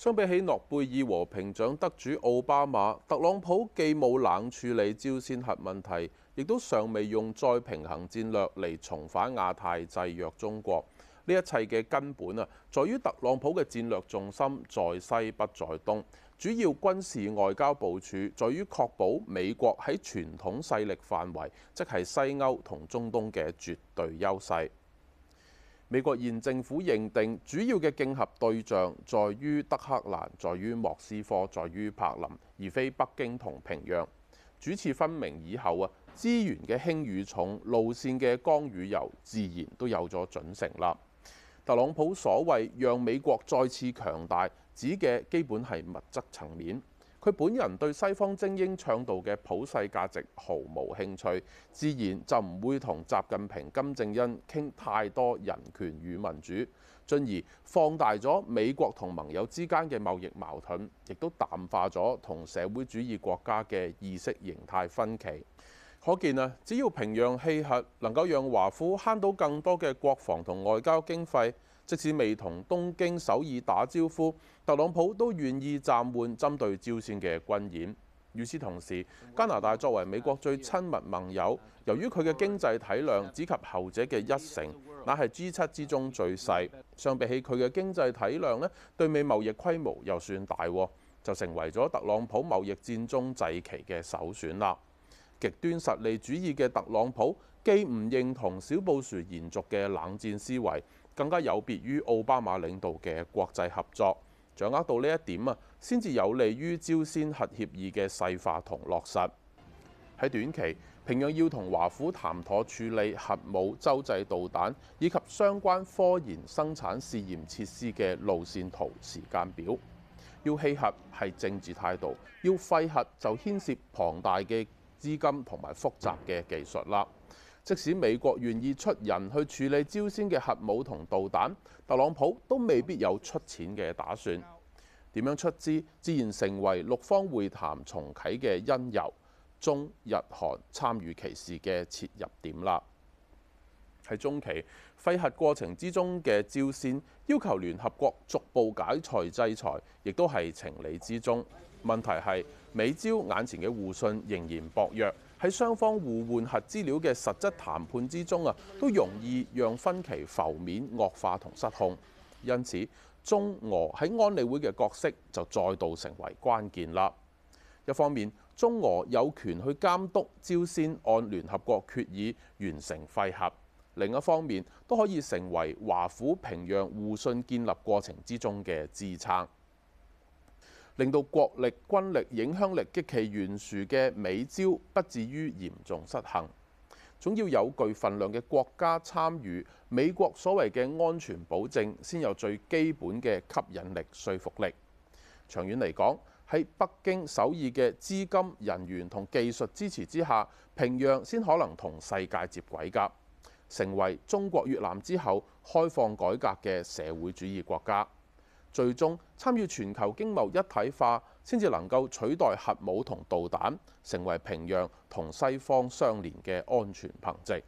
相比起諾貝爾和平獎得主奧巴馬，特朗普既冇冷處理朝鮮核問題，亦都尚未用再平衡戰略嚟重返亞太制約中國。呢一切嘅根本啊，在於特朗普嘅戰略重心在西不在東，主要軍事外交部署在於確保美國喺傳統勢力範圍，即係西歐同中東嘅絕對優勢。美國現政府認定主要嘅競合對象，在於德黑蘭，在於莫斯科，在於柏林，而非北京同平壤。主次分明以後啊，資源嘅輕與重、路線嘅剛與柔，自然都有咗準繩。特朗普所謂讓美國再次強大，指嘅基本係物質層面。佢本人對西方精英倡導嘅普世價值毫無興趣，自然就唔會同習近平、金正恩傾太多人權與民主，進而放大咗美國同盟友之間嘅貿易矛盾，亦都淡化咗同社會主義國家嘅意識形態分歧。可見啊，只要平壤棄核能夠讓華府慳到更多嘅國防同外交經費。即使未同東京、首爾打招呼，特朗普都願意暫緩針對朝鮮嘅軍演。與此同時，加拿大作為美國最親密盟友，由於佢嘅經濟體量只及後者嘅一成，乃係 G 七之中最細，相比起佢嘅經濟體量呢，對美貿易規模又算大，就成為咗特朗普貿易戰中祭旗嘅首選啦。極端實利主義嘅特朗普既唔認同小布殊延續嘅冷戰思維，更加有別於奧巴馬領導嘅國際合作。掌握到呢一點啊，先至有利於朝鮮核協議嘅細化同落實。喺短期，平壤要同華府談妥處理核武、洲際導彈以及相關科研生產試驗設施嘅路線圖、時間表。要棄核係政治態度，要廢核就牽涉龐大嘅資金同埋複雜嘅技術啦，即使美國願意出人去處理朝鮮嘅核武同導彈，特朗普都未必有出錢嘅打算。點樣出資，自然成為六方會談重啟嘅因由，中日韓參與其事嘅切入點啦。喺中期廢核過程之中嘅朝鮮要求聯合國逐步解除制裁，亦都係情理之中。問題係美朝眼前嘅互信仍然薄弱，喺雙方互換核資料嘅實質談判之中啊，都容易讓分歧浮面惡化同失控。因此，中俄喺安理會嘅角色就再度成為關鍵啦。一方面，中俄有權去監督朝鮮按聯合國決議完成廢核；另一方面，都可以成為華府平壤互信建立過程之中嘅支撐。令到國力、軍力、影響力極其懸殊嘅美朝不至於嚴重失衡，總要有具份量嘅國家參與美國所謂嘅安全保證，先有最基本嘅吸引力、說服力。長遠嚟講，喺北京、首爾嘅資金、人員同技術支持之下，平壤先可能同世界接軌，噶成為中國越南之後開放改革嘅社會主義國家。最終參與全球經貿一體化，先至能夠取代核武同導彈，成為平壤同西方相連嘅安全憑證。